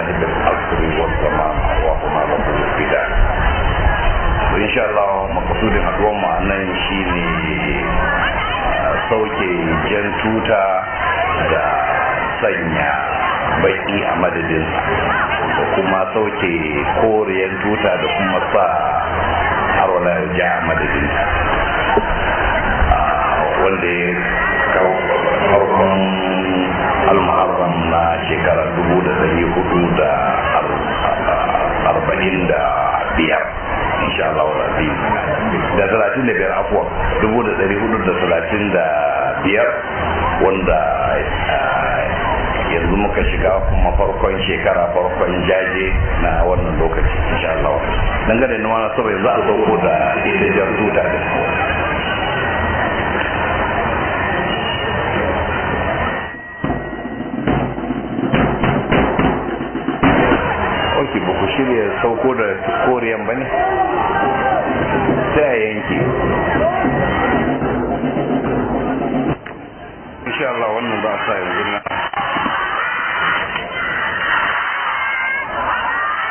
صاحب العصر والزمان اللهم له الفداء وان شاء الله مقصود haduwar mu nan shine sauke jan tuta da sanya baki a madadin da kuma sauke koriyar tuta da kuma sa harwala ja a madadin wanda ya farkon insha Allah wa rabbi da talatin da biyar afuwa dubu da ɗari hudu da talatin da biyar wanda eh, yanzu muka shiga kuma farkon shekara farkon jaje na wannan lokaci insha Allah dangane na wani saboda yanzu a sauko da yanki ba ku shirya sauko da koriyan ba ne sai yanki insha Allah wannan za a sa yanzu na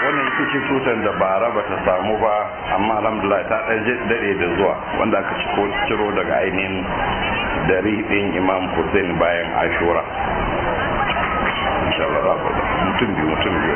wannan ita ce cutar da bara ba ta samu ba amma alhamdulillah ta ɗan daɗe da zuwa wanda aka ciro daga ainihin dari ɗin imam hussein bayan ashura insha Allah mutum biyu mutum biyu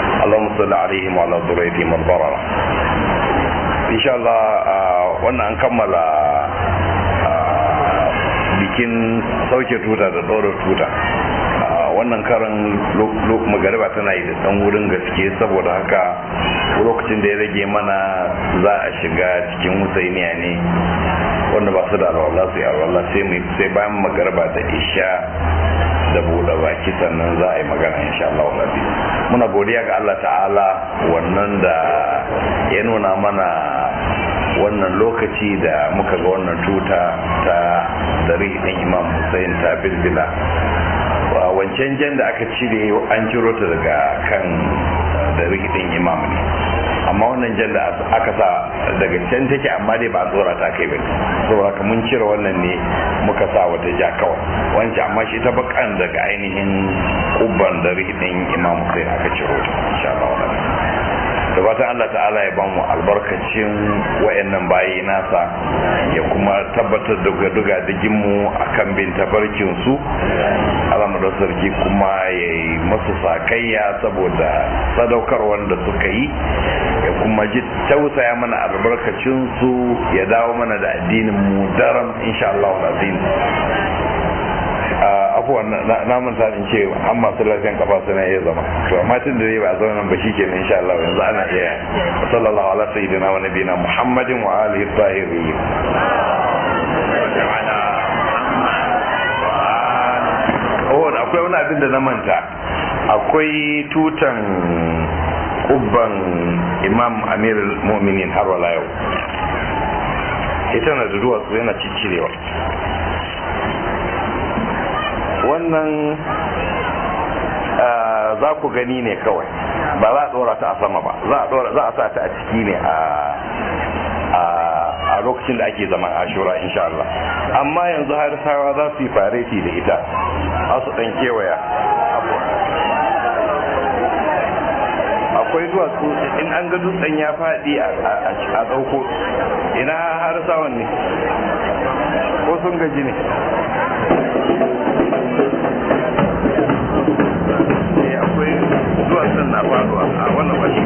salli alaihi wa ala ذريتهم wa barara insha Allah uh, wannan an kammala uh, bikin sauke tuta da ɗorar tuta uh, wannan karan magariba tana yi da ɗan wurin gaske saboda haka lokacin da ya rage mana za a shiga cikin husainiya ne wanda ba su da alwallah su yi sai bayan magariba da isha da buɗe baki sannan za a yi magana insha Allah rabbi muna godiya ga Allah ta'ala wannan da ya nuna mana wannan lokaci da muka ga wannan tuta ta dari ɗin imam hussein ta bilbila wancan jan da aka cire an ciro ta daga kan dari ɗin imam ne wannan jan da aka sa daga can take amma dai ba a tsora ta kai bane saboda ka mun cire wannan ne muka sa wata ja kawai wancan amma shi ta bakan daga ainihin kubban da rikidin imam sai aka ciro ta da fatan Allah ta'ala ya bamu albarkacin wayannan bayi nasa ya kuma tabbatar da duga jinmu a kan bin tabarkinsu alamu da sarki kuma ya yi masu sakayya saboda sadaukar wanda suka yi ya kuma ji tausaya mana albarkacinsu ya dawo mana da addinin mu daram insha Allah wa afuwan na manta in ce an masu lafiyan kafa suna iya zama to amma tun da ba a zama nan ba shi ke insha Allah yanzu ana iya sallallahu ala sayyidina wa nabiyina muhammadin wa alihi tahirin oh, akwai wani abin da na manta akwai tutan kubban imam amir mu'minin har wala yau ita na da duwatsu yana ciccirewa wannan ah, za ku gani ne kawai ba za a tsora ta a sama ba za a sa ta a ciki ne a lokacin da ake zama a shura Allah amma yanzu har sawa za su yi fareti da ita a su dan kewaya akwai duwatsu in an ga dutsen ya faɗi a ɗauko ina har sawan ne ko sun gaji ne en la guagua a